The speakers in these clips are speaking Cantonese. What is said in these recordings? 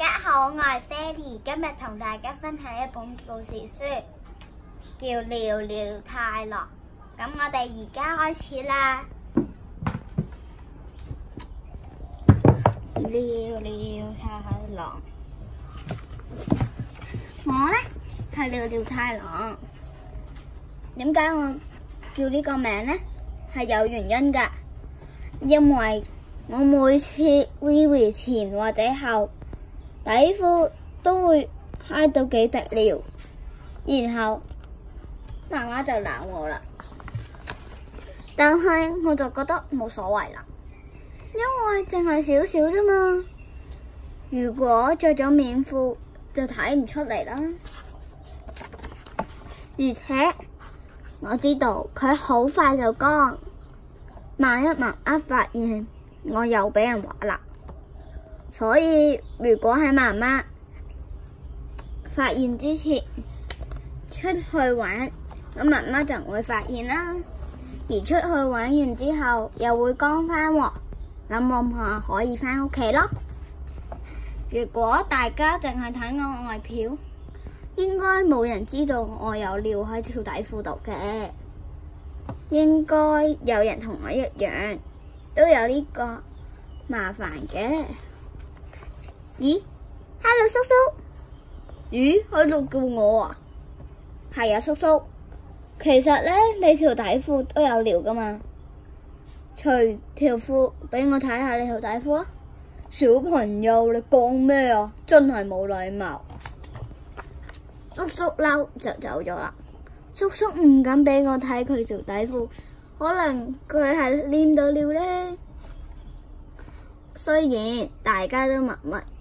大家好，我係 Fely，今日同大家分享一本故事書，叫《尿尿太郎》。咁我哋而家開始啦，《尿尿太郎》。我呢係尿尿太郎，點解我叫呢個名呢？係有原因㗎，因為我每次 Willie 前或者後，底褲都會揩到幾滴尿，然後媽媽就鬧我啦。但係我就覺得冇所謂啦，因為淨係少少啫嘛。如果着咗棉褲就睇唔出嚟啦，而且我知道佢好快就乾。萬一萬一發現我又俾人話啦。所以，如果喺媽媽發現之前出去玩，咁媽媽就會發現啦。而出去玩完之後又會剛翻喎，咁我咪可以翻屋企咯。如果大家淨係睇我外表，應該冇人知道我有尿喺條底褲度嘅。應該有人同我一樣都有呢個麻煩嘅。咦，hello 叔叔，咦，喺度叫我啊？係啊，叔叔。其實咧，你條底褲都有尿㗎嘛？除條褲，俾我睇下你條底褲啊！小朋友，你講咩啊？真係冇禮貌叔叔。叔叔嬲就走咗啦。叔叔唔敢俾我睇佢條底褲，可能佢係黏到尿咧。雖然大家都默默。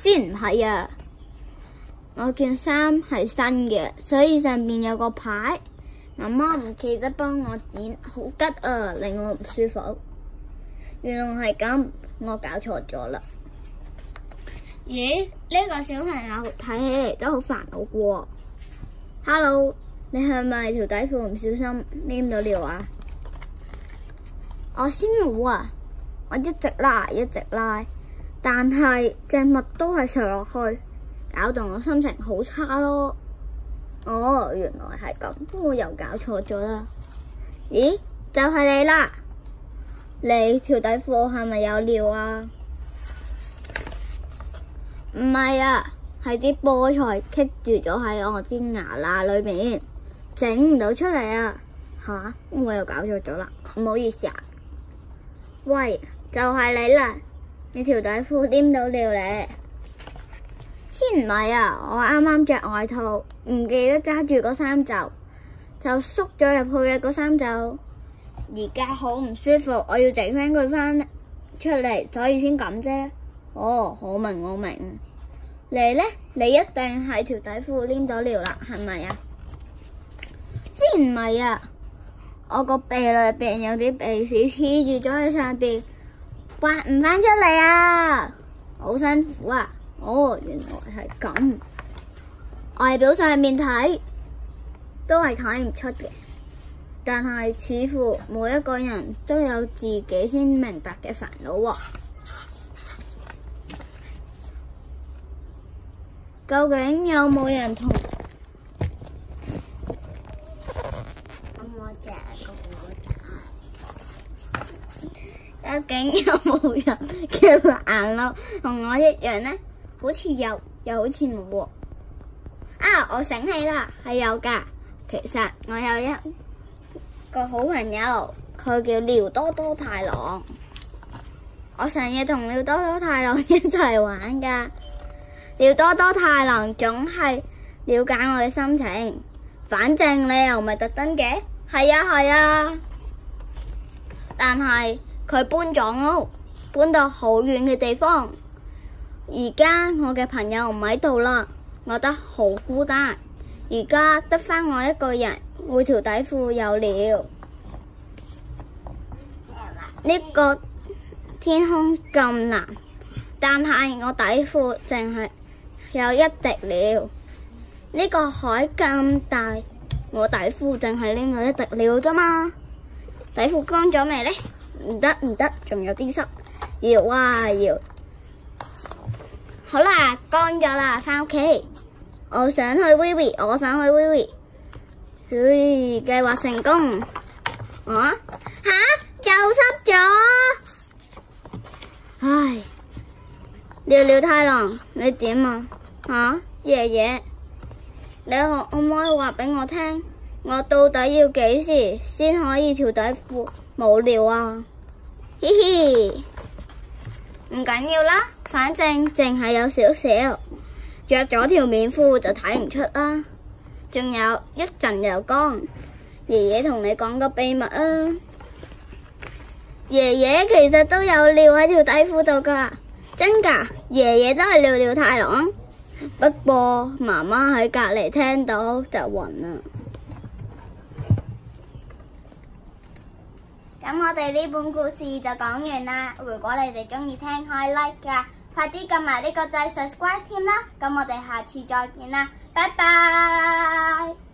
先唔係啊，我件衫係新嘅，所以上面有個牌。媽媽唔記得幫我剪，好急啊，令我唔舒服。原來係咁，我搞錯咗啦。咦誒？呢個小朋友睇起嚟都好煩惱嘅。Hello，你係咪條底褲唔小心黏到尿啊？我先冇啊，我一直拉，一直拉。但係植物都係食落去，搞到我心情好差咯。哦，原來係咁，我又搞錯咗啦。咦？就係你啦。你條底褲係咪有尿啊？唔係啊，係支菠菜棘住咗喺我啲牙罅裏面，整唔到出嚟啊。吓？我又搞錯咗啦，唔好意思啊。喂，就係你啦。你條底褲黏到尿你？先唔係啊，我啱啱着外套，唔記得揸住嗰衫袖，就縮咗入去。你嗰衫袖而家好唔舒服，我要整翻佢翻出嚟，所以先咁啫。哦，好明我明，你咧，你一定係條底褲黏到尿啦，係咪啊？先唔係啊，我個鼻裏邊有啲鼻屎黐住咗喺上邊。挖唔翻出嚟啊！好辛苦啊！哦，原來係咁。外表上面睇都係睇唔出嘅，但係似乎每一個人都有自己先明白嘅煩惱啊。究竟有冇人同？究竟有冇人叫眼咯？同我一樣呢，好似有，又好似冇。啊！我醒起啦，係有噶。其實我有一個好朋友，佢叫廖多多太郎。我成日同廖多多太郎一齊玩噶。廖多多太郎總係了解我嘅心情。反正你又唔係特登嘅，係啊，係啊。但係，佢搬咗屋，搬到好遠嘅地方。而家我嘅朋友唔喺度啦，我得好孤單。而家得返我一個人，每條底褲有料。呢、這個天空咁藍，但係我底褲淨係有一滴料。呢、這個海咁大，我底褲淨係拎咗一滴料了咋嘛？底褲乾咗未呢？唔得唔得，仲有啲濕，搖啊搖，好啦，乾咗啦，返屋企。我想去 Vivi，我想去 Vivi，嘿，計劃成功，啊？吓，又濕咗，唉，尿尿太郎，你點啊？吓，爺爺，你可可唔可以話俾我聽？我到底要幾時先可以條底褲冇尿啊？嘻嘻，唔緊要啦，反正淨係有少少，着咗條棉褲就睇唔出啦。仲有一陣又乾，爺爺同你講個秘密啊！爺爺其實都有尿喺條底褲度㗎，真㗎，爺爺都係尿尿太郎。不過媽媽喺隔籬聽到就暈啦。咁我哋呢本故事就講完啦。如果你哋中意聽，可以 like 㗎，快啲撳埋呢個掣 subscribe 添啦。咁我哋下次再見啦，拜拜。